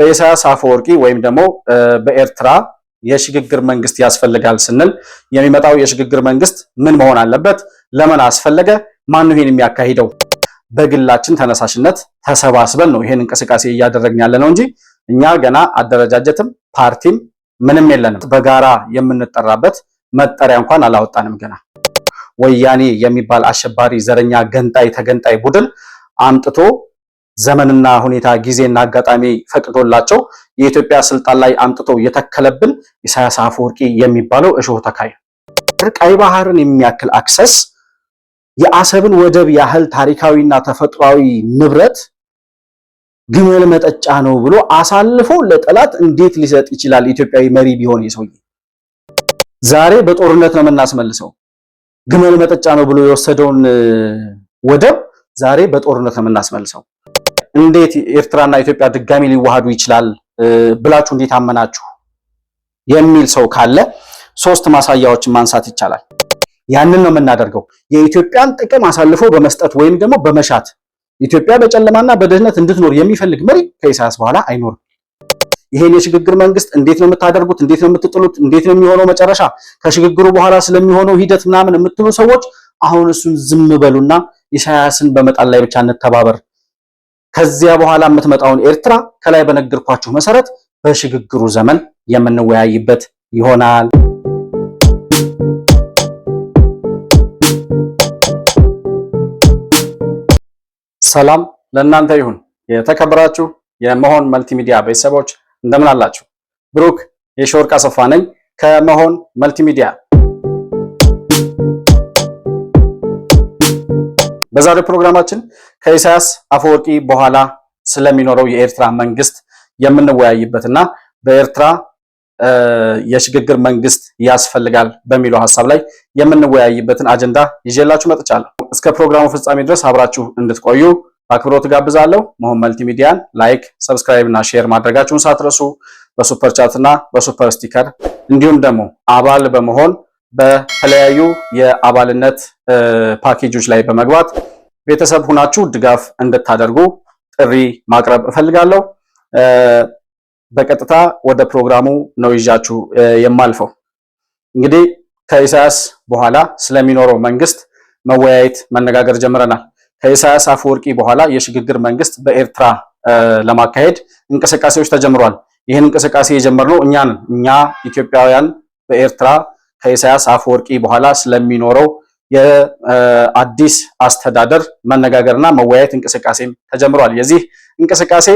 በኢሳያስ አፈወርቂ ወይም ደግሞ በኤርትራ የሽግግር መንግስት ያስፈልጋል ስንል የሚመጣው የሽግግር መንግስት ምን መሆን አለበት? ለምን አስፈለገ? ማን ይሄን የሚያካሂደው? በግላችን ተነሳሽነት ተሰባስበን ነው ይሄን እንቅስቃሴ እያደረግን ያለ ነው እንጂ እኛ ገና አደረጃጀትም ፓርቲም ምንም የለንም። በጋራ የምንጠራበት መጠሪያ እንኳን አላወጣንም። ገና ወያኔ የሚባል አሸባሪ፣ ዘረኛ፣ ገንጣይ ተገንጣይ ቡድን አምጥቶ ዘመንና ሁኔታ ጊዜና አጋጣሚ ፈቅዶላቸው የኢትዮጵያ ስልጣን ላይ አምጥቶ የተከለብን ኢሳያስ አፈወርቂ የሚባለው እሾህ ተካይ ቀይ ባህርን የሚያክል አክሰስ የአሰብን ወደብ ያህል ታሪካዊና ተፈጥሯዊ ንብረት ግመል መጠጫ ነው ብሎ አሳልፎ ለጠላት እንዴት ሊሰጥ ይችላል? ኢትዮጵያዊ መሪ ቢሆን የሰውዬ ዛሬ በጦርነት ነው የምናስመልሰው። ግመል መጠጫ ነው ብሎ የወሰደውን ወደብ ዛሬ በጦርነት ነው የምናስመልሰው። እንዴት ኤርትራና ኢትዮጵያ ድጋሚ ሊዋሃዱ ይችላል ብላችሁ እንዴት አመናችሁ የሚል ሰው ካለ ሶስት ማሳያዎችን ማንሳት ይቻላል። ያንን ነው የምናደርገው። የኢትዮጵያን ጥቅም አሳልፎ በመስጠት ወይም ደግሞ በመሻት ኢትዮጵያ በጨለማና በድህነት እንድትኖር የሚፈልግ መሪ ከኢሳያስ በኋላ አይኖርም። ይሄን የሽግግር መንግስት እንዴት ነው የምታደርጉት? እንዴት ነው የምትጥሉት? እንዴት ነው የሚሆነው መጨረሻ ከሽግግሩ በኋላ ስለሚሆነው ሂደት ምናምን የምትሉ ሰዎች አሁን እሱን ዝም በሉና ኢሳያስን በመጣል ላይ ብቻ እንተባበር። ከዚያ በኋላ የምትመጣውን ኤርትራ ከላይ በነገርኳችሁ መሰረት በሽግግሩ ዘመን የምንወያይበት ይሆናል። ሰላም ለእናንተ ይሁን። የተከበራችሁ የመሆን መልቲሚዲያ ቤተሰቦች እንደምን አላችሁ? ብሩክ የሾርቃ ሰፋ ነኝ ከመሆን መልቲሚዲያ በዛሬው ፕሮግራማችን ከኢሳያስ አፈወርቂ በኋላ ስለሚኖረው የኤርትራ መንግስት የምንወያይበትና በኤርትራ የሽግግር መንግስት ያስፈልጋል በሚለው ሀሳብ ላይ የምንወያይበትን አጀንዳ ይዤላችሁ መጥቻለሁ። እስከ ፕሮግራሙ ፍጻሜ ድረስ አብራችሁ እንድትቆዩ በአክብሮት ጋብዛለሁ። መሆን መልቲሚዲያን ላይክ፣ ሰብስክራይብ እና ሼር ማድረጋችሁን ሳትረሱ በሱፐር ቻት እና በሱፐር ስቲከር እንዲሁም ደግሞ አባል በመሆን በተለያዩ የአባልነት ፓኬጆች ላይ በመግባት ቤተሰብ ሁናችሁ ድጋፍ እንድታደርጉ ጥሪ ማቅረብ እፈልጋለሁ። በቀጥታ ወደ ፕሮግራሙ ነው ይዣችሁ የማልፈው። እንግዲህ ከኢሳያስ በኋላ ስለሚኖረው መንግስት መወያየት መነጋገር ጀምረናል። ከኢሳያስ አፈወርቂ በኋላ የሽግግር መንግስት በኤርትራ ለማካሄድ እንቅስቃሴዎች ተጀምሯል። ይህን እንቅስቃሴ የጀመርነው እኛን እኛ ኢትዮጵያውያን በኤርትራ ከኢሳያስ አፈወርቂ በኋላ ስለሚኖረው የአዲስ አስተዳደር መነጋገርና መወያየት እንቅስቃሴም ተጀምሯል። የዚህ እንቅስቃሴ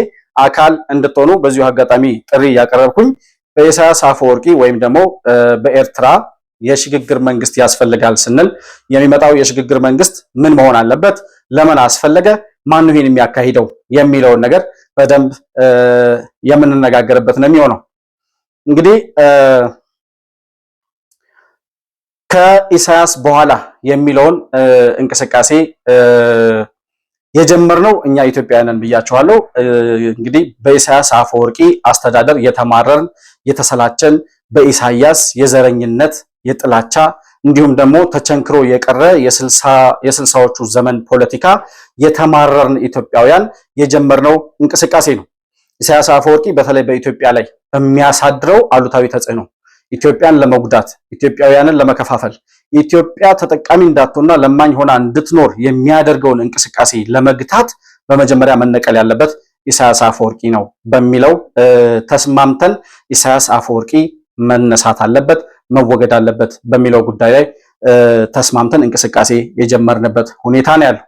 አካል እንድትሆኑ በዚሁ አጋጣሚ ጥሪ እያቀረብኩኝ በኢሳያስ አፈወርቂ ወይም ደግሞ በኤርትራ የሽግግር መንግስት ያስፈልጋል ስንል የሚመጣው የሽግግር መንግስት ምን መሆን አለበት፣ ለምን አስፈለገ፣ ማን ይህን የሚያካሂደው የሚለውን ነገር በደንብ የምንነጋገርበት ነው የሚሆነው እንግዲህ ከኢሳያስ በኋላ የሚለውን እንቅስቃሴ የጀመርነው እኛ ኢትዮጵያውያንን ብያችኋለሁ። እንግዲህ በኢሳያስ አፈወርቂ አስተዳደር የተማረርን የተሰላቸን፣ በኢሳያስ የዘረኝነት የጥላቻ እንዲሁም ደግሞ ተቸንክሮ የቀረ የስልሳዎቹ ዘመን ፖለቲካ የተማረርን ኢትዮጵያውያን የጀመርነው እንቅስቃሴ ነው። ኢሳያስ አፈወርቂ በተለይ በኢትዮጵያ ላይ በሚያሳድረው አሉታዊ ተጽዕኖ ኢትዮጵያን ለመጉዳት ኢትዮጵያውያንን ለመከፋፈል ኢትዮጵያ ተጠቃሚ እንዳትሆንና ለማኝ ሆና እንድትኖር የሚያደርገውን እንቅስቃሴ ለመግታት በመጀመሪያ መነቀል ያለበት ኢሳያስ አፈወርቂ ነው በሚለው ተስማምተን ኢሳያስ አፈወርቂ መነሳት አለበት፣ መወገድ አለበት በሚለው ጉዳይ ላይ ተስማምተን እንቅስቃሴ የጀመርንበት ሁኔታ ነው ያለው።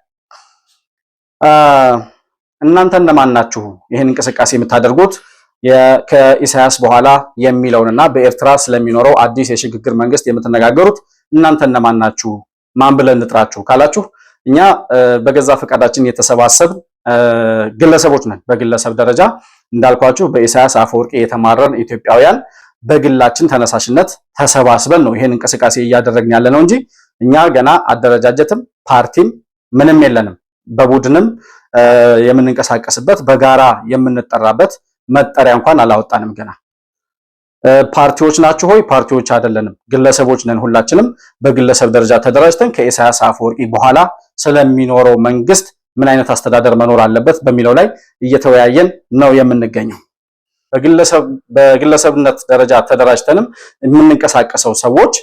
እናንተ እነማን ናችሁ ይህን እንቅስቃሴ የምታደርጉት? ከኢሳያስ በኋላ የሚለውንና በኤርትራ ስለሚኖረው አዲስ የሽግግር መንግስት የምትነጋገሩት እናንተ እነማን ናችሁ? ማን ብለን እንጥራችሁ ካላችሁ እኛ በገዛ ፈቃዳችን የተሰባሰብ ግለሰቦች ነን። በግለሰብ ደረጃ እንዳልኳችሁ በኢሳያስ አፈወርቅ የተማረን ኢትዮጵያውያን በግላችን ተነሳሽነት ተሰባስበን ነው ይሄን እንቅስቃሴ እያደረግን ያለ ነው እንጂ እኛ ገና አደረጃጀትም ፓርቲም ምንም የለንም። በቡድንም የምንንቀሳቀስበት በጋራ የምንጠራበት መጠሪያ እንኳን አላወጣንም ገና። ፓርቲዎች ናችሁ ሆይ? ፓርቲዎች አይደለንም፣ ግለሰቦች ነን። ሁላችንም በግለሰብ ደረጃ ተደራጅተን ከኢሳያስ አፈወርቂ በኋላ ስለሚኖረው መንግስት ምን አይነት አስተዳደር መኖር አለበት በሚለው ላይ እየተወያየን ነው የምንገኘው። በግለሰብነት ደረጃ ተደራጅተንም የምንንቀሳቀሰው ሰዎች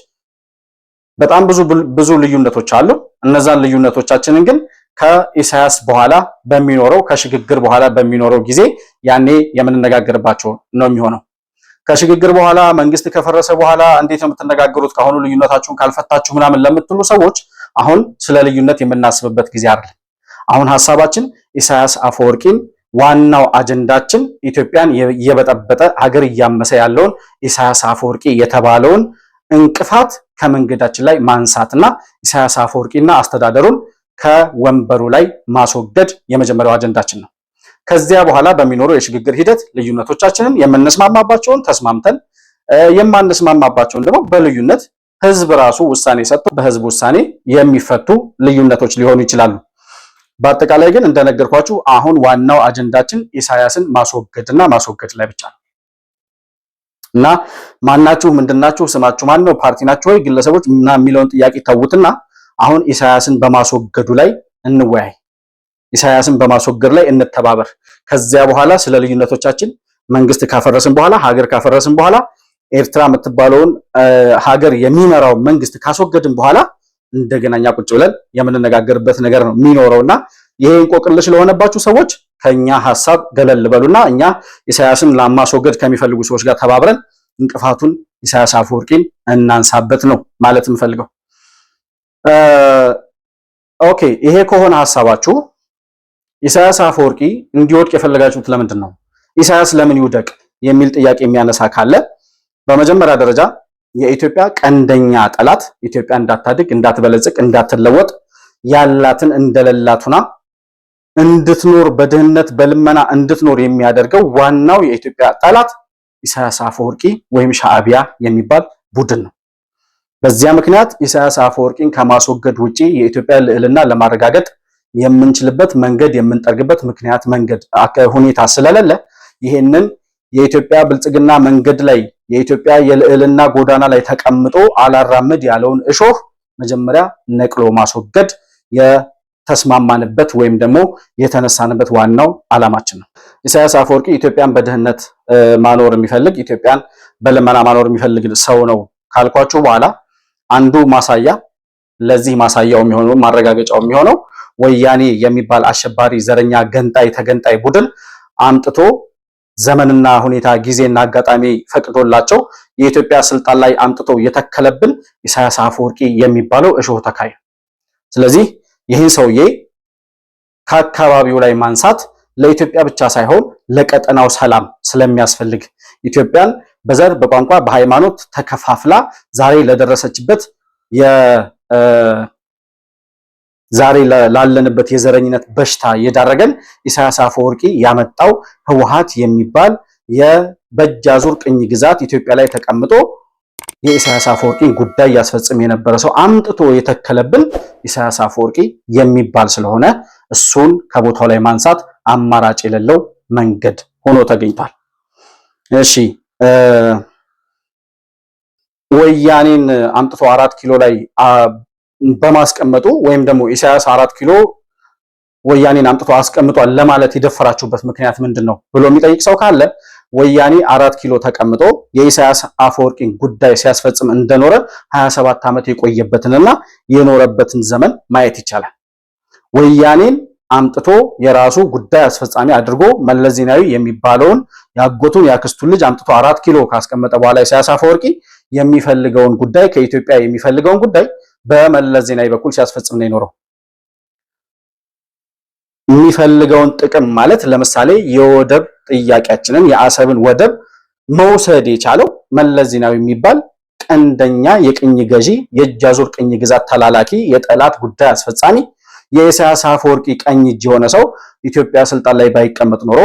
በጣም ብዙ ብዙ ልዩነቶች አሉ። እነዛን ልዩነቶቻችንን ግን ከኢሳያስ በኋላ በሚኖረው ከሽግግር በኋላ በሚኖረው ጊዜ ያኔ የምንነጋገርባቸው ነው የሚሆነው። ከሽግግር በኋላ መንግስት ከፈረሰ በኋላ እንዴት ነው የምትነጋገሩት ከአሁኑ ልዩነታችሁን ካልፈታችሁ ምናምን ለምትሉ ሰዎች አሁን ስለ ልዩነት የምናስብበት ጊዜ አይደለም። አሁን ሀሳባችን ኢሳያስ አፈወርቂን ዋናው አጀንዳችን ኢትዮጵያን የበጠበጠ ሀገር እያመሰ ያለውን ኢሳያስ አፈወርቂ የተባለውን እንቅፋት ከመንገዳችን ላይ ማንሳትና ኢሳያስ አፈወርቂና አስተዳደሩን ከወንበሩ ላይ ማስወገድ የመጀመሪያው አጀንዳችን ነው። ከዚያ በኋላ በሚኖረው የሽግግር ሂደት ልዩነቶቻችንን የምንስማማባቸውን ተስማምተን የማንስማማባቸውን ደግሞ በልዩነት ህዝብ ራሱ ውሳኔ ሰጥቶ በህዝብ ውሳኔ የሚፈቱ ልዩነቶች ሊሆኑ ይችላሉ። በአጠቃላይ ግን እንደነገርኳችሁ አሁን ዋናው አጀንዳችን ኢሳያስን ማስወገድና ማስወገድ ላይ ብቻ ነው እና ማናችሁ፣ ምንድናችሁ፣ ስማችሁ ማን ነው፣ ፓርቲ ናችሁ ወይ፣ ግለሰቦች ምናምን የሚለውን ጥያቄ ተዉትና አሁን ኢሳያስን በማስወገዱ ላይ እንወያይ። ኢሳያስን በማስወገድ ላይ እንተባበር። ከዚያ በኋላ ስለ ልዩነቶቻችን መንግስት ካፈረስን በኋላ ሀገር ካፈረስን በኋላ ኤርትራ የምትባለውን ሀገር የሚመራው መንግስት ካስወገድን በኋላ እንደገናኛ ቁጭ ብለን የምንነጋገርበት ነገር ነው የሚኖረውና ይሄ እንቆቅልሽ ለሆነባችሁ ሰዎች ከኛ ሀሳብ ገለል በሉና እኛ ኢሳያስን ለማስወገድ ከሚፈልጉ ሰዎች ጋር ተባብረን እንቅፋቱን ኢሳያስ አፈወርቂን እናንሳበት ነው ማለት የምፈልገው። ኦኬ ይሄ ከሆነ ሐሳባችሁ ኢሳያስ አፈወርቂ እንዲወድቅ የፈለጋችሁት ለምንድን ነው? ኢሳያስ ለምን ይውደቅ የሚል ጥያቄ የሚያነሳ ካለ በመጀመሪያ ደረጃ የኢትዮጵያ ቀንደኛ ጠላት ኢትዮጵያ እንዳታድግ፣ እንዳትበለጽቅ እንዳትለወጥ ያላትን እንደሌላቱና እንድትኖር በድህነት በልመና እንድትኖር የሚያደርገው ዋናው የኢትዮጵያ ጠላት ኢሳያስ አፈወርቂ ወይም ሻዕቢያ የሚባል ቡድን ነው። በዚያ ምክንያት ኢሳያስ አፈወርቂን ከማስወገድ ውጪ የኢትዮጵያ ልዕልና ለማረጋገጥ የምንችልበት መንገድ የምንጠርግበት ምክንያት መንገድ ሁኔታ ስለሌለ ይሄንን የኢትዮጵያ ብልጽግና መንገድ ላይ የኢትዮጵያ የልዕልና ጎዳና ላይ ተቀምጦ አላራምድ ያለውን እሾህ መጀመሪያ ነቅሎ ማስወገድ የተስማማንበት ወይም ደግሞ የተነሳንበት ዋናው ዓላማችን ነው። ኢሳያስ አፈወርቂ ኢትዮጵያን በድህነት ማኖር የሚፈልግ ኢትዮጵያን በልመና ማኖር የሚፈልግ ሰው ነው ካልኳችሁ በኋላ አንዱ ማሳያ ለዚህ ማሳያው የሚሆነው ማረጋገጫው የሚሆነው ወያኔ የሚባል አሸባሪ ዘረኛ ገንጣይ ተገንጣይ ቡድን አምጥቶ ዘመንና ሁኔታ ጊዜና አጋጣሚ ፈቅዶላቸው የኢትዮጵያ ስልጣን ላይ አምጥቶ የተከለብን ኢሳያስ አፈወርቂ የሚባለው እሾህ ተካይ። ስለዚህ ይህን ሰውዬ ከአካባቢው ላይ ማንሳት ለኢትዮጵያ ብቻ ሳይሆን ለቀጠናው ሰላም ስለሚያስፈልግ ኢትዮጵያን በዘር በቋንቋ በሃይማኖት ተከፋፍላ ዛሬ ለደረሰችበት ዛሬ ላለንበት የዘረኝነት በሽታ የዳረገን ኢሳያስ አፈወርቂ ያመጣው ህወሓት የሚባል የበጃ ዙር ቅኝ ግዛት ኢትዮጵያ ላይ ተቀምጦ የኢሳያስ አፈወርቂን ጉዳይ ያስፈጽም የነበረ ሰው አምጥቶ የተከለብን ኢሳያስ አፈወርቂ የሚባል ስለሆነ እሱን ከቦታው ላይ ማንሳት አማራጭ የሌለው መንገድ ሆኖ ተገኝቷል። እሺ ወያኔን አምጥቶ አራት ኪሎ ላይ በማስቀመጡ ወይም ደግሞ ኢሳያስ አራት ኪሎ ወያኔን አምጥቶ አስቀምጧል ለማለት የደፈራችሁበት ምክንያት ምንድን ነው ብሎ የሚጠይቅ ሰው ካለ ወያኔ አራት ኪሎ ተቀምጦ የኢሳያስ አፈወርቂን ጉዳይ ሲያስፈጽም እንደኖረ 27 ዓመት የቆየበትንና የኖረበትን ዘመን ማየት ይቻላል። ወያኔን አምጥቶ የራሱ ጉዳይ አስፈጻሚ አድርጎ መለስ ዜናዊ የሚባለውን ያጎቱን ያክስቱን ልጅ አምጥቶ አራት ኪሎ ካስቀመጠ በኋላ ኢሳያስ አፈወርቂ የሚፈልገውን ጉዳይ ከኢትዮጵያ የሚፈልገውን ጉዳይ በመለስ ዜናዊ በኩል ሲያስፈጽም ነው የኖረው። የሚፈልገውን ጥቅም ማለት ለምሳሌ የወደብ ጥያቄያችንን የአሰብን ወደብ መውሰድ የቻለው መለስ ዜናዊ የሚባል ቀንደኛ የቅኝ ገዢ የእጅ አዙር ቅኝ ግዛት ተላላኪ የጠላት ጉዳይ አስፈጻሚ የኢሳያስ አፈወርቂ ቀኝ እጅ የሆነ ሰው ኢትዮጵያ ስልጣን ላይ ባይቀመጥ ኖሮ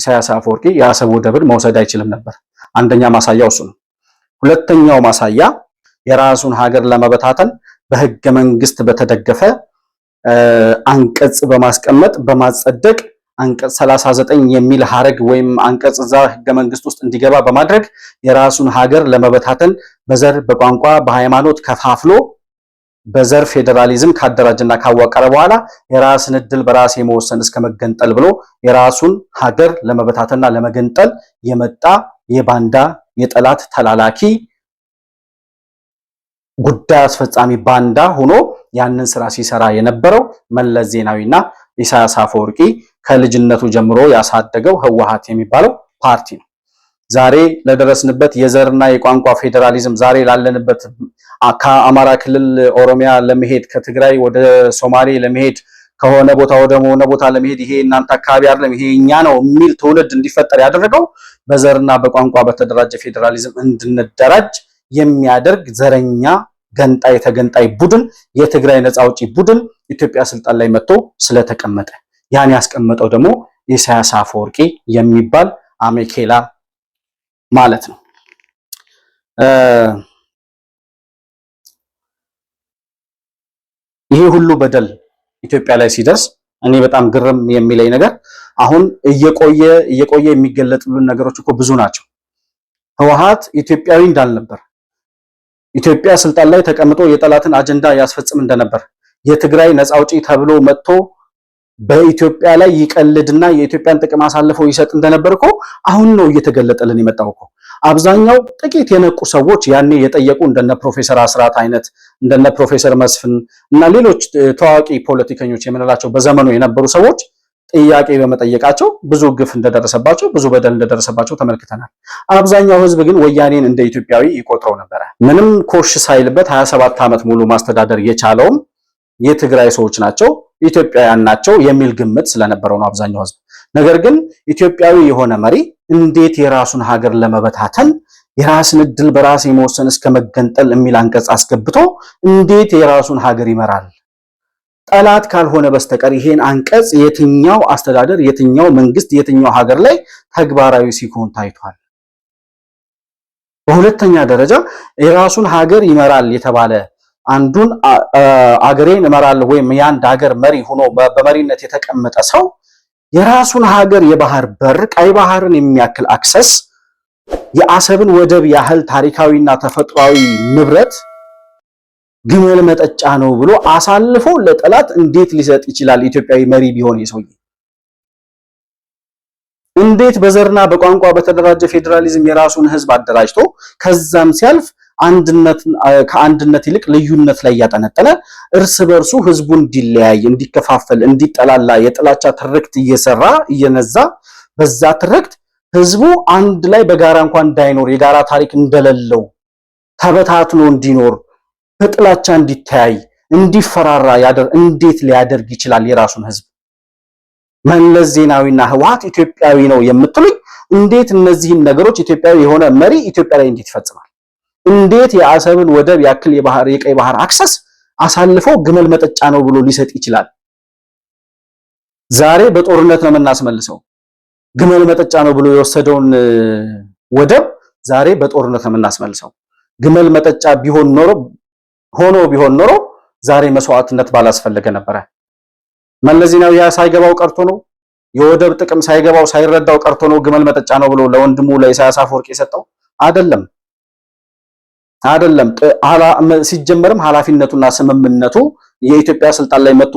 ኢሳያስ አፈወርቂ የአሰብ ወደብን መውሰድ አይችልም ነበር። አንደኛ ማሳያው እሱ ነው። ሁለተኛው ማሳያ የራሱን ሀገር ለመበታተን በህገ መንግስት በተደገፈ አንቀጽ በማስቀመጥ በማጸደቅ አንቀጽ 39 የሚል ሀረግ ወይም አንቀጽ እዛ ህገ መንግስት ውስጥ እንዲገባ በማድረግ የራሱን ሀገር ለመበታተን በዘር፣ በቋንቋ፣ በሃይማኖት ከፋፍሎ በዘር ፌዴራሊዝም ካደራጀና ካዋቀረ በኋላ የራስን እድል በራስ የመወሰን እስከ መገንጠል ብሎ የራሱን ሀገር ለመበታተና ለመገንጠል የመጣ የባንዳ የጠላት ተላላኪ ጉዳይ አስፈጻሚ ባንዳ ሆኖ ያንን ስራ ሲሰራ የነበረው መለስ ዜናዊና ኢሳያስ አፈወርቂ ከልጅነቱ ጀምሮ ያሳደገው ህወሓት የሚባለው ፓርቲ ነው። ዛሬ ለደረስንበት የዘርና የቋንቋ ፌዴራሊዝም ዛሬ ላለንበት ከአማራ ክልል ኦሮሚያ ለመሄድ ከትግራይ ወደ ሶማሌ ለመሄድ ከሆነ ቦታ ወደ ሆነ ቦታ ለመሄድ ይሄ እናንተ አካባቢ አይደለም ይሄ እኛ ነው የሚል ትውልድ እንዲፈጠር ያደረገው በዘርና በቋንቋ በተደራጀ ፌዴራሊዝም እንድንደራጅ የሚያደርግ ዘረኛ ገንጣይ የተገንጣይ ቡድን የትግራይ ነፃ አውጪ ቡድን ኢትዮጵያ ስልጣን ላይ መጥቶ ስለተቀመጠ ያን ያስቀመጠው ደግሞ ኢሳያስ አፈወርቂ የሚባል አሜኬላ ማለት ነው። ይሄ ሁሉ በደል ኢትዮጵያ ላይ ሲደርስ እኔ በጣም ግርም የሚለኝ ነገር አሁን እየቆየ እየቆየ የሚገለጥሉን ነገሮች እኮ ብዙ ናቸው። ህወሓት ኢትዮጵያዊ እንዳልነበር፣ ኢትዮጵያ ስልጣን ላይ ተቀምጦ የጠላትን አጀንዳ ያስፈጽም እንደነበር፣ የትግራይ ነፃ አውጪ ተብሎ መጥቶ በኢትዮጵያ ላይ ይቀልድና የኢትዮጵያን ጥቅም አሳልፎ ይሰጥ እንደነበር እኮ አሁን ነው እየተገለጠልን የመጣው እኮ አብዛኛው ጥቂት የነቁ ሰዎች ያኔ የጠየቁ እንደነ ፕሮፌሰር አስራት አይነት እንደነ ፕሮፌሰር መስፍን እና ሌሎች ታዋቂ ፖለቲከኞች የምንላቸው በዘመኑ የነበሩ ሰዎች ጥያቄ በመጠየቃቸው ብዙ ግፍ እንደደረሰባቸው ብዙ በደል እንደደረሰባቸው ተመልክተናል። አብዛኛው ሕዝብ ግን ወያኔን እንደ ኢትዮጵያዊ ይቆጥረው ነበረ። ምንም ኮሽ ሳይልበት 27 ዓመት ሙሉ ማስተዳደር የቻለውም የትግራይ ሰዎች ናቸው፣ ኢትዮጵያውያን ናቸው የሚል ግምት ስለነበረው ነው አብዛኛው ሕዝብ። ነገር ግን ኢትዮጵያዊ የሆነ መሪ እንዴት የራሱን ሀገር ለመበታተን የራስን እድል በራስ የመወሰን እስከ መገንጠል የሚል አንቀጽ አስገብቶ እንዴት የራሱን ሀገር ይመራል? ጠላት ካልሆነ በስተቀር ይሄን አንቀጽ የትኛው አስተዳደር፣ የትኛው መንግስት፣ የትኛው ሀገር ላይ ተግባራዊ ሲሆን ታይቷል? በሁለተኛ ደረጃ የራሱን ሀገር ይመራል የተባለ አንዱን አገሬን እመራለሁ ወይም የአንድ ሀገር መሪ ሆኖ በመሪነት የተቀመጠ ሰው የራሱን ሀገር የባህር በር ቀይ ባህርን የሚያክል አክሰስ የአሰብን ወደብ ያህል ታሪካዊና ተፈጥሯዊ ንብረት ግመል መጠጫ ነው ብሎ አሳልፎ ለጠላት እንዴት ሊሰጥ ይችላል? ኢትዮጵያዊ መሪ ቢሆን የሰውዬ እንዴት በዘርና በቋንቋ በተደራጀ ፌዴራሊዝም የራሱን ህዝብ አደራጅቶ ከዛም ሲያልፍ ከአንድነት ይልቅ ልዩነት ላይ እያጠነጠነ እርስ በርሱ ህዝቡ እንዲለያይ፣ እንዲከፋፈል፣ እንዲጠላላ የጥላቻ ትርክት እየሰራ እየነዛ በዛ ትርክት ህዝቡ አንድ ላይ በጋራ እንኳን እንዳይኖር የጋራ ታሪክ እንደሌለው ተበታትኖ እንዲኖር በጥላቻ እንዲተያይ እንዲፈራራ ያደር እንዴት ሊያደርግ ይችላል? የራሱን ህዝብ መለስ ዜናዊና ህወሓት ኢትዮጵያዊ ነው የምትሉኝ፣ እንዴት እነዚህን ነገሮች ኢትዮጵያዊ የሆነ መሪ ኢትዮጵያ ላይ እንዴት ይፈጽማል? እንዴት የአሰብን ወደብ ያክል የባህር የቀይ ባህር አክሰስ አሳልፎ ግመል መጠጫ ነው ብሎ ሊሰጥ ይችላል? ዛሬ በጦርነት ነው የምናስመልሰው። ግመል መጠጫ ነው ብሎ የወሰደውን ወደብ ዛሬ በጦርነት ነው የምናስመልሰው። ግመል መጠጫ ቢሆን ኖሮ ሆኖ ቢሆን ኖሮ ዛሬ መስዋዕትነት ባላስፈለገ ነበረ። መለስ ዜናዊ ያ ሳይገባው ቀርቶ ነው የወደብ ጥቅም ሳይገባው ሳይረዳው ቀርቶ ነው ግመል መጠጫ ነው ብሎ ለወንድሙ ለኢሳያስ አፈወርቅ የሰጠው አይደለም። አይደለም ሲጀመርም ኃላፊነቱና ስምምነቱ የኢትዮጵያ ስልጣን ላይ መጥቶ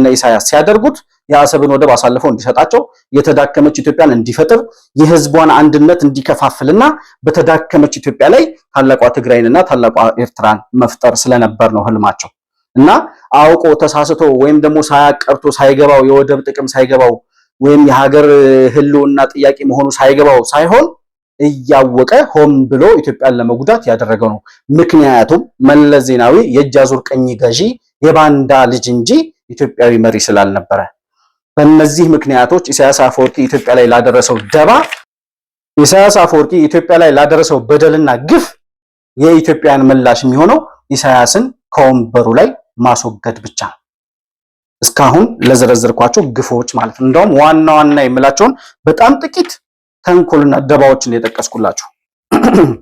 እና ኢሳያስ ሲያደርጉት የአሰብን ወደብ አሳልፈው እንዲሰጣቸው የተዳከመች ኢትዮጵያን እንዲፈጥር የህዝቧን አንድነት እንዲከፋፍልና በተዳከመች ኢትዮጵያ ላይ ታላቋ ትግራይንና ታላቋ ኤርትራን መፍጠር ስለነበር ነው ህልማቸው እና አውቆ ተሳስቶ ወይም ደግሞ ሳያቀርቶ ሳይገባው የወደብ ጥቅም ሳይገባው ወይም የሀገር ህልውና ጥያቄ መሆኑ ሳይገባው ሳይሆን እያወቀ ሆን ብሎ ኢትዮጵያን ለመጉዳት ያደረገው ነው። ምክንያቱም መለስ ዜናዊ የእጅ አዙር ቀኝ ገዢ የባንዳ ልጅ እንጂ ኢትዮጵያዊ መሪ ስላልነበረ፣ በእነዚህ ምክንያቶች ኢሳያስ አፈወርቂ ኢትዮጵያ ላይ ላደረሰው ደባ ኢሳያስ አፈወርቂ ኢትዮጵያ ላይ ላደረሰው በደልና ግፍ የኢትዮጵያን ምላሽ የሚሆነው ኢሳያስን ከወንበሩ ላይ ማስወገድ ብቻ ነው። እስካሁን ለዘረዘርኳቸው ግፎች ማለት ነው። እንደውም ዋና ዋና የምላቸውን በጣም ጥቂት ተንኮልና ደባዎችን የጠቀስኩላችሁ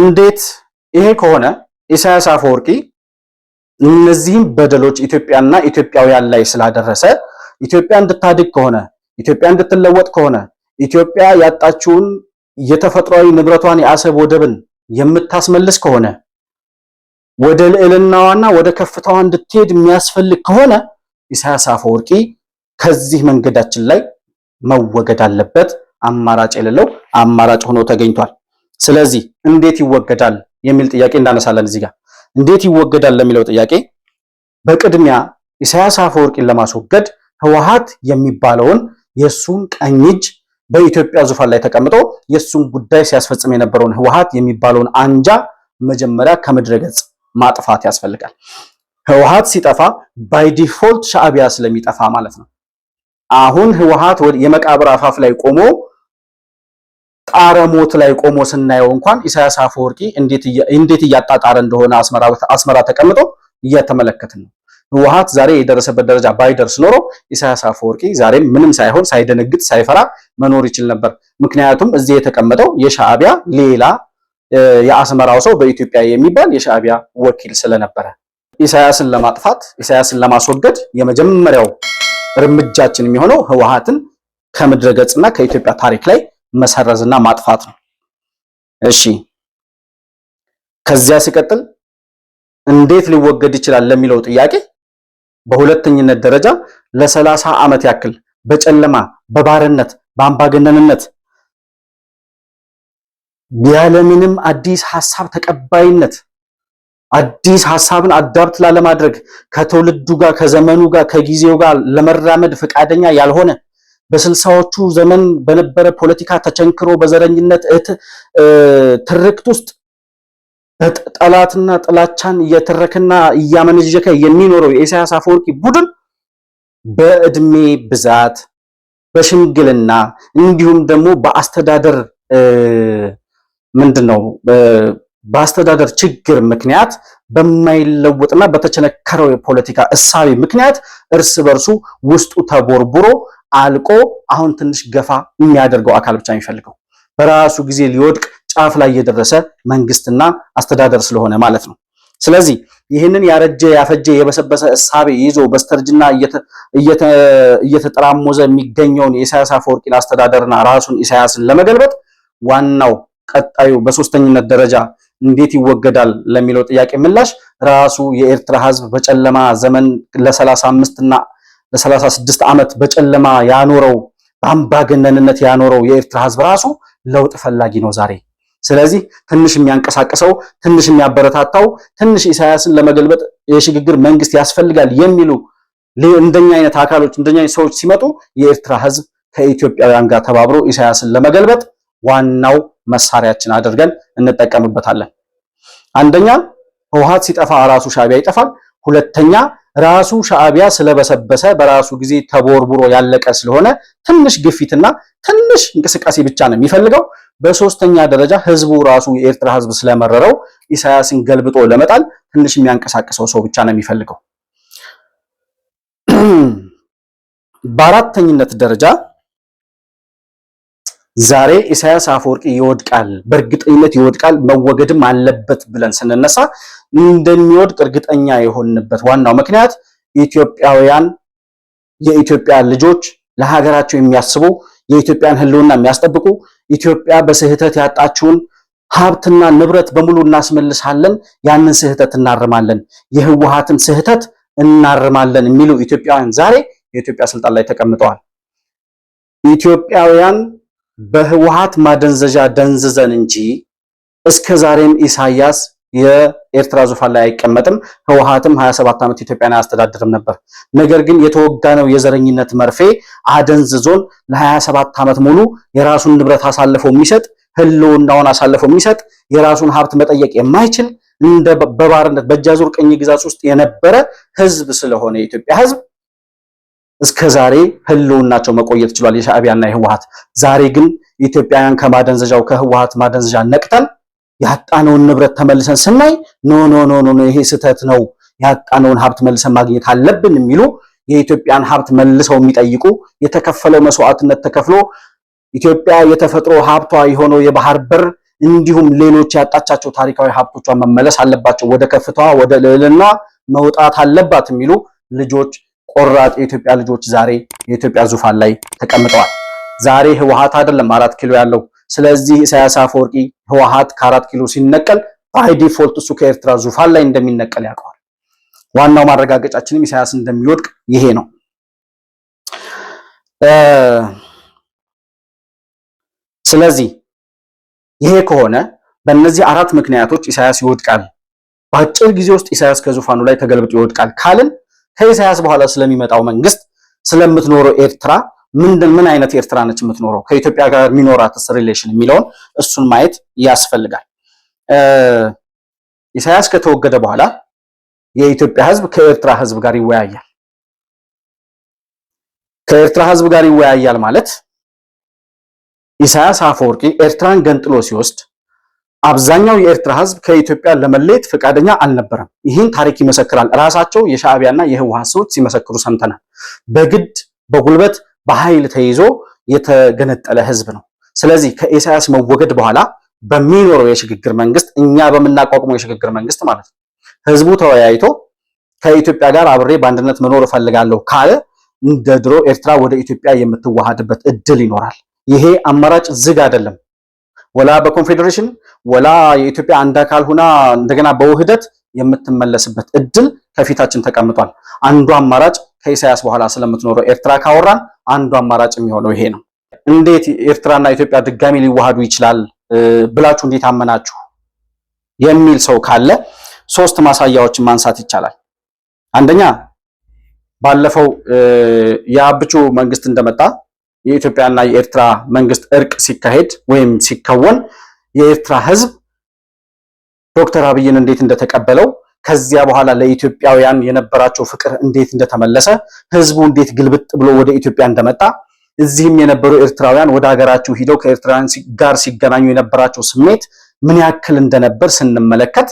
እንዴት ይሄ ከሆነ ኢሳያስ አፈወርቂ እነዚህም በደሎች ኢትዮጵያና ኢትዮጵያውያን ላይ ስላደረሰ ኢትዮጵያ እንድታድግ ከሆነ ኢትዮጵያ እንድትለወጥ ከሆነ ኢትዮጵያ ያጣችውን የተፈጥሯዊ ንብረቷን የአሰብ ወደብን የምታስመልስ ከሆነ ወደ ልዕልናዋና ወደ ከፍታዋ እንድትሄድ የሚያስፈልግ ከሆነ ኢሳያስ አፈወርቂ ከዚህ መንገዳችን ላይ መወገድ አለበት። አማራጭ የሌለው አማራጭ ሆኖ ተገኝቷል። ስለዚህ እንዴት ይወገዳል የሚል ጥያቄ እንዳነሳለን እዚህ ጋር እንዴት ይወገዳል ለሚለው ጥያቄ በቅድሚያ ኢሳያስ አፈወርቂን ለማስወገድ ህወሓት የሚባለውን የሱን ቀኝ እጅ በኢትዮጵያ ዙፋን ላይ ተቀምጦ የሱን ጉዳይ ሲያስፈጽም የነበረውን ህወሓት የሚባለውን አንጃ መጀመሪያ ከምድረ ገጽ ማጥፋት ያስፈልጋል። ህወሓት ሲጠፋ ባይ ዲፎልት ሻዕቢያ ስለሚጠፋ ማለት ነው። አሁን ህወሓት የመቃብር አፋፍ ላይ ቆሞ ጣረ ሞት ላይ ቆሞ ስናየው እንኳን ኢሳያስ አፈወርቂ እንዴት እያጣጣረ እንደሆነ አስመራ ተቀምጦ እያተመለከትን ነው። ህወሓት ዛሬ የደረሰበት ደረጃ ባይደርስ ኖሮ ኢሳያስ አፈወርቂ ዛሬም ምንም ሳይሆን ሳይደነግጥ ሳይፈራ መኖር ይችል ነበር። ምክንያቱም እዚህ የተቀመጠው የሻዕቢያ ሌላ የአስመራው ሰው በኢትዮጵያ የሚባል የሻዕቢያ ወኪል ስለነበረ ኢሳያስን ለማጥፋት ኢሳያስን ለማስወገድ የመጀመሪያው እርምጃችን የሚሆነው ህወሓትን ከምድረ ገጽና ከኢትዮጵያ ታሪክ ላይ መሰረዝና ማጥፋት ነው። እሺ ከዚያ ሲቀጥል እንዴት ሊወገድ ይችላል ለሚለው ጥያቄ በሁለተኝነት ደረጃ ለሰላሳ ዓመት ያክል በጨለማ በባርነት በአምባገነንነት ያለምንም አዲስ ሐሳብ ተቀባይነት አዲስ ሐሳብን አዳብት ላለማድረግ ከትውልዱ ጋር ከዘመኑ ጋር ከጊዜው ጋር ለመራመድ ፈቃደኛ ያልሆነ በስልሳዎቹ ዘመን በነበረ ፖለቲካ ተቸንክሮ በዘረኝነት እት ትርክት ውስጥ ጠላትና ጥላቻን እየተረከና እያመነጀከ የሚኖረው የኢሳያስ አፈወርቂ ቡድን በእድሜ ብዛት በሽምግልና እንዲሁም ደግሞ በአስተዳደር ምንድን ነው በአስተዳደር ችግር ምክንያት በማይለወጥና በተቸነከረው የፖለቲካ እሳቤ ምክንያት እርስ በርሱ ውስጡ ተቦርቡሮ አልቆ አሁን ትንሽ ገፋ የሚያደርገው አካል ብቻ የሚፈልገው በራሱ ጊዜ ሊወድቅ ጫፍ ላይ የደረሰ መንግስትና አስተዳደር ስለሆነ ማለት ነው። ስለዚህ ይህንን ያረጀ ያፈጀ የበሰበሰ እሳቤ ይዞ በስተርጅና እየተጠራሞዘ የሚገኘውን የኢሳያስ አፈወርቂን አስተዳደርና ራሱን ኢሳያስን ለመገልበጥ ዋናው ቀጣዩ በሶስተኝነት ደረጃ እንዴት ይወገዳል ለሚለው ጥያቄ ምላሽ ራሱ የኤርትራ ህዝብ በጨለማ ዘመን ለ35 እና ለ36 ዓመት በጨለማ ያኖረው በአምባገነንነት ያኖረው የኤርትራ ህዝብ ራሱ ለውጥ ፈላጊ ነው ዛሬ። ስለዚህ ትንሽ የሚያንቀሳቅሰው ትንሽ የሚያበረታታው ትንሽ ኢሳያስን ለመገልበጥ የሽግግር መንግስት ያስፈልጋል የሚሉ እንደኛ አይነት አካሎች እንደኛ አይነት ሰዎች ሲመጡ የኤርትራ ህዝብ ከኢትዮጵያውያን ጋር ተባብሮ ኢሳያስን ለመገልበጥ ዋናው መሳሪያችን አድርገን እንጠቀምበታለን። አንደኛ ህወሓት ሲጠፋ ራሱ ሻዕቢያ ይጠፋል። ሁለተኛ ራሱ ሻዕቢያ ስለበሰበሰ በራሱ ጊዜ ተቦርቡሮ ያለቀ ስለሆነ ትንሽ ግፊትና ትንሽ እንቅስቃሴ ብቻ ነው የሚፈልገው። በሶስተኛ ደረጃ ህዝቡ ራሱ የኤርትራ ህዝብ ስለመረረው ኢሳያስን ገልብጦ ለመጣል ትንሽ የሚያንቀሳቅሰው ሰው ብቻ ነው የሚፈልገው። በአራተኝነት ደረጃ ዛሬ ኢሳያስ አፈወርቅ ይወድቃል፣ በእርግጠኝነት ይወድቃል፣ መወገድም አለበት ብለን ስንነሳ እንደሚወድቅ እርግጠኛ የሆንበት ዋናው ምክንያት ኢትዮጵያውያን የኢትዮጵያ ልጆች ለሀገራቸው የሚያስቡ የኢትዮጵያን ሕልውና የሚያስጠብቁ ኢትዮጵያ በስህተት ያጣችውን ሀብትና ንብረት በሙሉ እናስመልሳለን፣ ያንን ስህተት እናርማለን፣ የህወሀትን ስህተት እናርማለን የሚሉ ኢትዮጵያውያን ዛሬ የኢትዮጵያ ስልጣን ላይ ተቀምጠዋል። ኢትዮጵያውያን በህወሓት ማደንዘዣ ደንዝዘን እንጂ እስከ ዛሬም ኢሳያስ የኤርትራ ዙፋን ላይ አይቀመጥም። ህወሓትም 27 ዓመት ኢትዮጵያን አያስተዳድርም ነበር። ነገር ግን የተወጋነው የዘረኝነት መርፌ አደንዝዞን ለ27 ዓመት ሙሉ የራሱን ንብረት አሳልፎ የሚሰጥ ህልውናውን አሳልፎ የሚሰጥ የራሱን ሀብት መጠየቅ የማይችል እንደ በባርነት በእጃዙር ቅኝ ግዛት ውስጥ የነበረ ህዝብ ስለሆነ የኢትዮጵያ ህዝብ እስከ ዛሬ ህልውናቸው መቆየት ችሏል፣ የሻዕቢያና የህወሓት። ዛሬ ግን ኢትዮጵያውያን ከማደንዘዣው ከህወሓት ማደንዘዣ ነቅተን ያጣነውን ንብረት ተመልሰን ስናይ ኖ ኖ ኖ ኖ ይሄ ስህተት ነው፣ ያጣነውን ሀብት መልሰን ማግኘት አለብን የሚሉ የኢትዮጵያን ሀብት መልሰው የሚጠይቁ የተከፈለው መስዋዕትነት ተከፍሎ ኢትዮጵያ የተፈጥሮ ሀብቷ የሆነው የባህር በር እንዲሁም ሌሎች ያጣቻቸው ታሪካዊ ሀብቶቿ መመለስ አለባቸው፣ ወደ ከፍታዋ ወደ ልዕልና መውጣት አለባት የሚሉ ልጆች ቆራጥ የኢትዮጵያ ልጆች ዛሬ የኢትዮጵያ ዙፋን ላይ ተቀምጠዋል። ዛሬ ህወሓት አይደለም አራት ኪሎ ያለው። ስለዚህ ኢሳያስ አፈወርቂ ህወሓት ከአራት ኪሎ ሲነቀል ባይ ዲፎልት እሱ ከኤርትራ ዙፋን ላይ እንደሚነቀል ያውቀዋል። ዋናው ማረጋገጫችንም ኢሳያስ እንደሚወድቅ ይሄ ነው። ስለዚህ ይሄ ከሆነ በእነዚህ አራት ምክንያቶች ኢሳያስ ይወድቃል፣ በአጭር ጊዜ ውስጥ ኢሳያስ ከዙፋኑ ላይ ተገልብጦ ይወድቃል ካልን ከኢሳያስ በኋላ ስለሚመጣው መንግስት ስለምትኖረው ኤርትራ ምንድን ምን አይነት ኤርትራ ነች የምትኖረው ከኢትዮጵያ ጋር የሚኖራትስ ሪሌሽን የሚለውን እሱን ማየት ያስፈልጋል። ኢሳያስ ከተወገደ በኋላ የኢትዮጵያ ህዝብ ከኤርትራ ህዝብ ጋር ይወያያል። ከኤርትራ ህዝብ ጋር ይወያያል ማለት ኢሳያስ አፈወርቂ ኤርትራን ገንጥሎ ሲወስድ አብዛኛው የኤርትራ ህዝብ ከኢትዮጵያ ለመለየት ፈቃደኛ አልነበረም። ይህን ታሪክ ይመሰክራል። ራሳቸው የሻዕቢያና የህወሓት ሰዎች ሲመሰክሩ ሰምተናል። በግድ በጉልበት በኃይል ተይዞ የተገነጠለ ህዝብ ነው። ስለዚህ ከኢሳያስ መወገድ በኋላ በሚኖረው የሽግግር መንግስት፣ እኛ በምናቋቁመው የሽግግር መንግስት ማለት ነው ህዝቡ ተወያይቶ ከኢትዮጵያ ጋር አብሬ በአንድነት መኖር እፈልጋለሁ ካለ እንደ ድሮ ኤርትራ ወደ ኢትዮጵያ የምትዋሃድበት እድል ይኖራል። ይሄ አማራጭ ዝግ አይደለም። ወላ በኮንፌዴሬሽን ወላ የኢትዮጵያ አንድ አካል ሁና እንደገና በውህደት የምትመለስበት እድል ከፊታችን ተቀምጧል። አንዱ አማራጭ ከኢሳያስ በኋላ ስለምትኖረው ኤርትራ ካወራን አንዱ አማራጭ የሚሆነው ይሄ ነው። እንዴት ኤርትራና ኢትዮጵያ ድጋሚ ሊዋሃዱ ይችላል ብላችሁ እንዴት አመናችሁ የሚል ሰው ካለ ሶስት ማሳያዎችን ማንሳት ይቻላል። አንደኛ ባለፈው የአብቹ መንግስት እንደመጣ የኢትዮጵያና የኤርትራ መንግስት እርቅ ሲካሄድ ወይም ሲከወን የኤርትራ ህዝብ ዶክተር አብይን እንዴት እንደተቀበለው ከዚያ በኋላ ለኢትዮጵያውያን የነበራቸው ፍቅር እንዴት እንደተመለሰ ህዝቡ እንዴት ግልብጥ ብሎ ወደ ኢትዮጵያ እንደመጣ እዚህም የነበሩ ኤርትራውያን ወደ ሀገራቸው ሂደው ከኤርትራውያን ጋር ሲገናኙ የነበራቸው ስሜት ምን ያክል እንደነበር ስንመለከት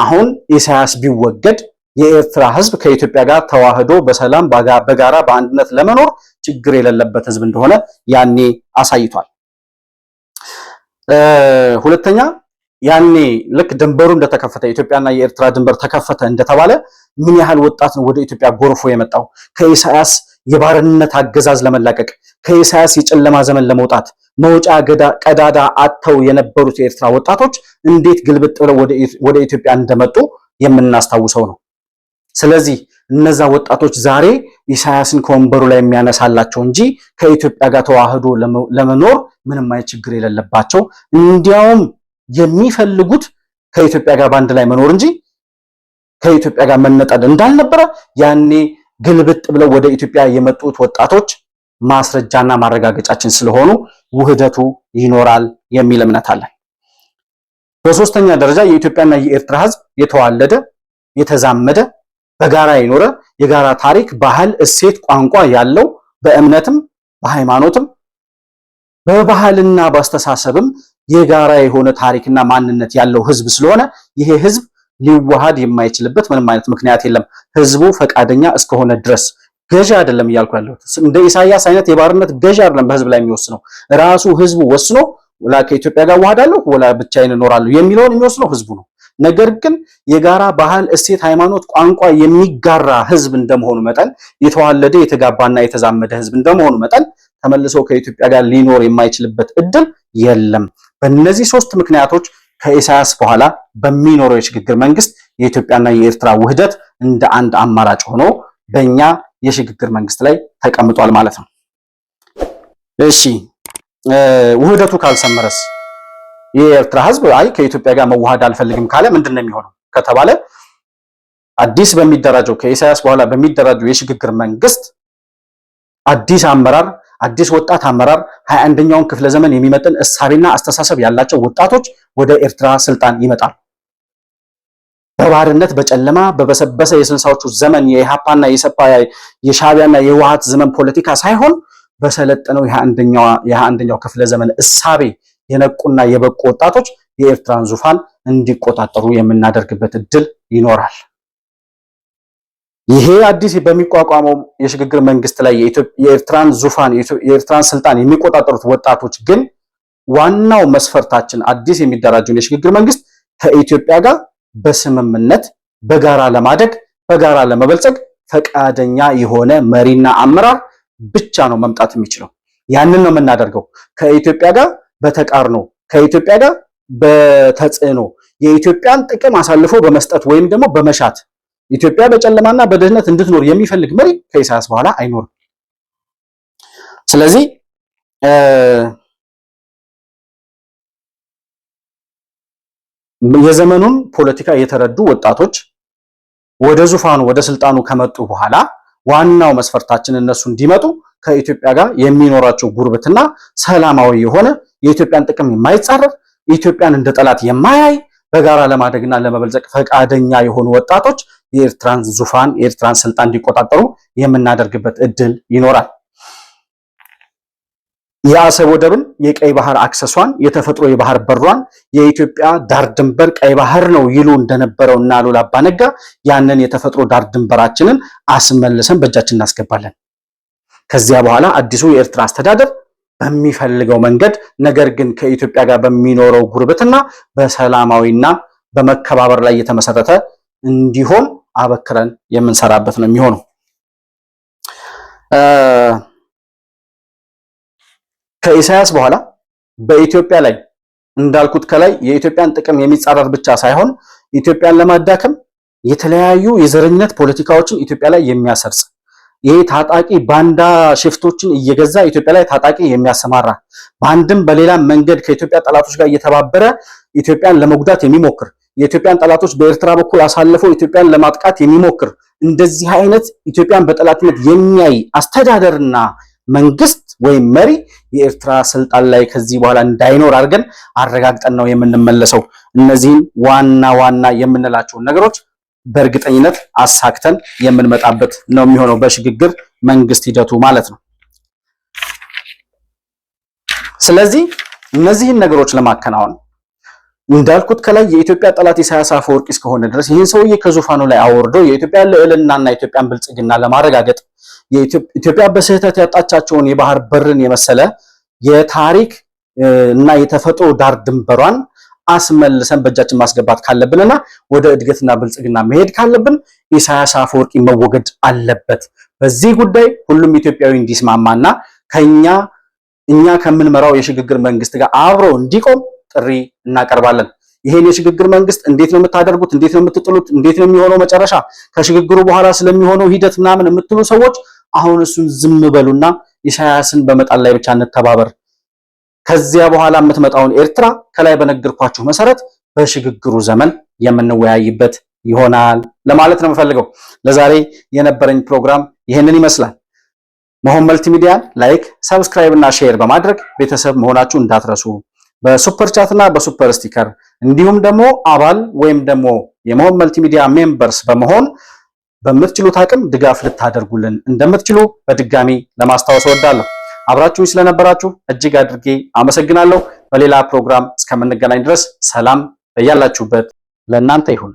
አሁን ኢሳያስ ቢወገድ የኤርትራ ህዝብ ከኢትዮጵያ ጋር ተዋህዶ በሰላም በጋራ በአንድነት ለመኖር ችግር የሌለበት ህዝብ እንደሆነ ያኔ አሳይቷል። ሁለተኛ ያኔ ልክ ድንበሩ እንደተከፈተ የኢትዮጵያና የኤርትራ ድንበር ተከፈተ እንደተባለ ምን ያህል ወጣት ነው ወደ ኢትዮጵያ ጎርፎ የመጣው ከኢሳያስ የባርነት አገዛዝ ለመላቀቅ ከኢሳያስ የጨለማ ዘመን ለመውጣት መውጫ ቀዳዳ አጥተው የነበሩት የኤርትራ ወጣቶች እንዴት ግልብጥ ብለው ወደ ኢትዮጵያ እንደመጡ የምናስታውሰው ነው። ስለዚህ እነዛ ወጣቶች ዛሬ ኢሳያስን ከወንበሩ ላይ የሚያነሳላቸው እንጂ ከኢትዮጵያ ጋር ተዋህዶ ለመኖር ምንም አይነት ችግር የሌለባቸው እንዲያውም የሚፈልጉት ከኢትዮጵያ ጋር በአንድ ላይ መኖር እንጂ ከኢትዮጵያ ጋር መነጠል እንዳልነበረ ያኔ ግልብጥ ብለው ወደ ኢትዮጵያ የመጡት ወጣቶች ማስረጃና ማረጋገጫችን ስለሆኑ ውህደቱ ይኖራል የሚል እምነት አለን። በሶስተኛ ደረጃ የኢትዮጵያና የኤርትራ ሕዝብ የተዋለደ የተዛመደ በጋራ የኖረ የጋራ ታሪክ፣ ባህል፣ እሴት፣ ቋንቋ ያለው በእምነትም በሃይማኖትም በባህልና በአስተሳሰብም የጋራ የሆነ ታሪክና ማንነት ያለው ህዝብ ስለሆነ ይሄ ህዝብ ሊዋሃድ የማይችልበት ምንም አይነት ምክንያት የለም። ህዝቡ ፈቃደኛ እስከሆነ ድረስ ገዢ አይደለም እያልኩ ያለሁት እንደ ኢሳያስ አይነት የባርነት ገዢ አይደለም በህዝብ ላይ የሚወስነው ራሱ ህዝቡ ወስኖ ወላ ከኢትዮጵያ ጋር ዋሃዳለሁ ወላ ብቻዬን እኖራለሁ የሚለውን የሚወስነው ህዝቡ ነው። ነገር ግን የጋራ ባህል፣ እሴት፣ ሃይማኖት፣ ቋንቋ የሚጋራ ህዝብ እንደመሆኑ መጠን የተዋለደ የተጋባና የተዛመደ ህዝብ እንደመሆኑ መጠን ተመልሶ ከኢትዮጵያ ጋር ሊኖር የማይችልበት እድል የለም። በእነዚህ ሶስት ምክንያቶች ከኢሳያስ በኋላ በሚኖረው የሽግግር መንግስት የኢትዮጵያና የኤርትራ ውህደት እንደ አንድ አማራጭ ሆኖ በእኛ የሽግግር መንግስት ላይ ተቀምጧል ማለት ነው። እሺ ውህደቱ ካልሰመረስ? የኤርትራ ህዝብ አይ ከኢትዮጵያ ጋር መዋሃድ አልፈልግም ካለ ምንድን ነው የሚሆነው ከተባለ አዲስ በሚደራጀው ከኢሳያስ በኋላ በሚደራጀው የሽግግር መንግስት አዲስ አመራር አዲስ ወጣት አመራር ሀያ አንደኛውን ክፍለ ዘመን የሚመጥን እሳቤና አስተሳሰብ ያላቸው ወጣቶች ወደ ኤርትራ ስልጣን ይመጣሉ። በባርነት በጨለማ በበሰበሰ የስልሳዎቹ ዘመን የኢሃፓና የሰፓ የሻቢያና የውሃት ዘመን ፖለቲካ ሳይሆን በሰለጠነው የሀያ አንደኛው ክፍለ ዘመን እሳቤ የነቁና የበቁ ወጣቶች የኤርትራን ዙፋን እንዲቆጣጠሩ የምናደርግበት እድል ይኖራል። ይሄ አዲስ በሚቋቋመው የሽግግር መንግስት ላይ የኤርትራን ዙፋን የኤርትራን ስልጣን የሚቆጣጠሩት ወጣቶች ግን ዋናው መስፈርታችን አዲስ የሚደራጀውን የሽግግር መንግስት ከኢትዮጵያ ጋር በስምምነት በጋራ ለማደግ በጋራ ለመበልጸግ ፈቃደኛ የሆነ መሪና አመራር ብቻ ነው መምጣት የሚችለው። ያንን ነው የምናደርገው ከኢትዮጵያ ጋር በተቃርኖ ከኢትዮጵያ ጋር በተጽዕኖ የኢትዮጵያን ጥቅም አሳልፎ በመስጠት ወይም ደግሞ በመሻት ኢትዮጵያ በጨለማና በድህነት እንድትኖር የሚፈልግ መሪ ከኢሳያስ በኋላ አይኖርም። ስለዚህ የዘመኑን ፖለቲካ የተረዱ ወጣቶች ወደ ዙፋኑ ወደ ስልጣኑ ከመጡ በኋላ ዋናው መስፈርታችን እነሱ እንዲመጡ ከኢትዮጵያ ጋር የሚኖራቸው ጉርብትና ሰላማዊ የሆነ የኢትዮጵያን ጥቅም የማይጻረር ኢትዮጵያን እንደ ጠላት የማያይ በጋራ ለማደግና ለመበልጸቅ ፈቃደኛ የሆኑ ወጣቶች የኤርትራን ዙፋን የኤርትራን ስልጣን እንዲቆጣጠሩ የምናደርግበት እድል ይኖራል። የአሰብ ወደብን፣ የቀይ ባህር አክሰሷን፣ የተፈጥሮ የባህር በሯን የኢትዮጵያ ዳር ድንበር ቀይ ባህር ነው ይሉ እንደነበረው እና አሉላ አባነጋ ያንን የተፈጥሮ ዳር ድንበራችንን አስመልሰን በእጃችን እናስገባለን። ከዚያ በኋላ አዲሱ የኤርትራ አስተዳደር በሚፈልገው መንገድ ነገር ግን ከኢትዮጵያ ጋር በሚኖረው ጉርብትና በሰላማዊና በመከባበር ላይ የተመሰረተ እንዲሆን አበክረን የምንሰራበት ነው የሚሆነው። ከኢሳያስ በኋላ በኢትዮጵያ ላይ እንዳልኩት ከላይ የኢትዮጵያን ጥቅም የሚጻረር ብቻ ሳይሆን ኢትዮጵያን ለማዳከም የተለያዩ የዘረኝነት ፖለቲካዎችን ኢትዮጵያ ላይ የሚያሰርጽ ይሄ ታጣቂ ባንዳ ሽፍቶችን እየገዛ ኢትዮጵያ ላይ ታጣቂ የሚያሰማራ በአንድም በሌላ መንገድ ከኢትዮጵያ ጠላቶች ጋር እየተባበረ ኢትዮጵያን ለመጉዳት የሚሞክር የኢትዮጵያን ጠላቶች በኤርትራ በኩል አሳልፎ ኢትዮጵያን ለማጥቃት የሚሞክር እንደዚህ አይነት ኢትዮጵያን በጠላትነት የሚያይ አስተዳደርና መንግስት ወይም መሪ የኤርትራ ስልጣን ላይ ከዚህ በኋላ እንዳይኖር አድርገን አረጋግጠን ነው የምንመለሰው። እነዚህን ዋና ዋና የምንላቸውን ነገሮች በእርግጠኝነት አሳክተን የምንመጣበት ነው የሚሆነው በሽግግር መንግስት ሂደቱ ማለት ነው። ስለዚህ እነዚህን ነገሮች ለማከናወን እንዳልኩት ከላይ የኢትዮጵያ ጠላት ኢሳያስ አፈወርቂ እስከሆነ ድረስ ይህን ሰውዬ ከዙፋኑ ላይ አወርዶ የኢትዮጵያን ልዕልናና የኢትዮጵያን ብልጽግና ለማረጋገጥ ኢትዮጵያ በስህተት ያጣቻቸውን የባህር በርን የመሰለ የታሪክ እና የተፈጥሮ ዳር ድንበሯን አስመልሰን በእጃችን ማስገባት ካለብንና ወደ እድገትና ብልጽግና መሄድ ካለብን ኢሳያስ አፈወርቂ መወገድ አለበት። በዚህ ጉዳይ ሁሉም ኢትዮጵያዊ እንዲስማማና ከኛ እኛ ከምንመራው የሽግግር መንግስት ጋር አብሮ እንዲቆም ጥሪ እናቀርባለን። ይሄን የሽግግር መንግስት እንዴት ነው የምታደርጉት? እንዴት ነው የምትጥሉት? እንዴት ነው የሚሆነው መጨረሻ ከሽግግሩ በኋላ ስለሚሆነው ሂደት ምናምን የምትሉ ሰዎች አሁን እሱን ዝም በሉና ኢሳያስን በመጣል ላይ ብቻ እንተባበር። ከዚያ በኋላ የምትመጣውን ኤርትራ ከላይ በነገርኳችሁ መሰረት በሽግግሩ ዘመን የምንወያይበት ይሆናል ለማለት ነው የምፈልገው። ለዛሬ የነበረኝ ፕሮግራም ይህንን ይመስላል። መሆን መልቲ ላይክ፣ ሰብስክራይብ እና ሼር በማድረግ ቤተሰብ መሆናችሁ እንዳትረሱ። በሱፐር ቻት እና በሱፐር ስቲከር እንዲሁም ደግሞ አባል ወይም ደግሞ የመሆን መልቲ ሚዲያ ሜምበርስ በመሆን በምትችሉት አቅም ድጋፍ ልታደርጉልን እንደምትችሉ በድጋሚ ለማስታወስ እወዳለሁ። አብራችሁኝ ስለነበራችሁ እጅግ አድርጌ አመሰግናለሁ። በሌላ ፕሮግራም እስከምንገናኝ ድረስ ሰላም በያላችሁበት ለእናንተ ይሁን።